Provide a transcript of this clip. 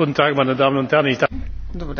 guten tag meine damen und herren!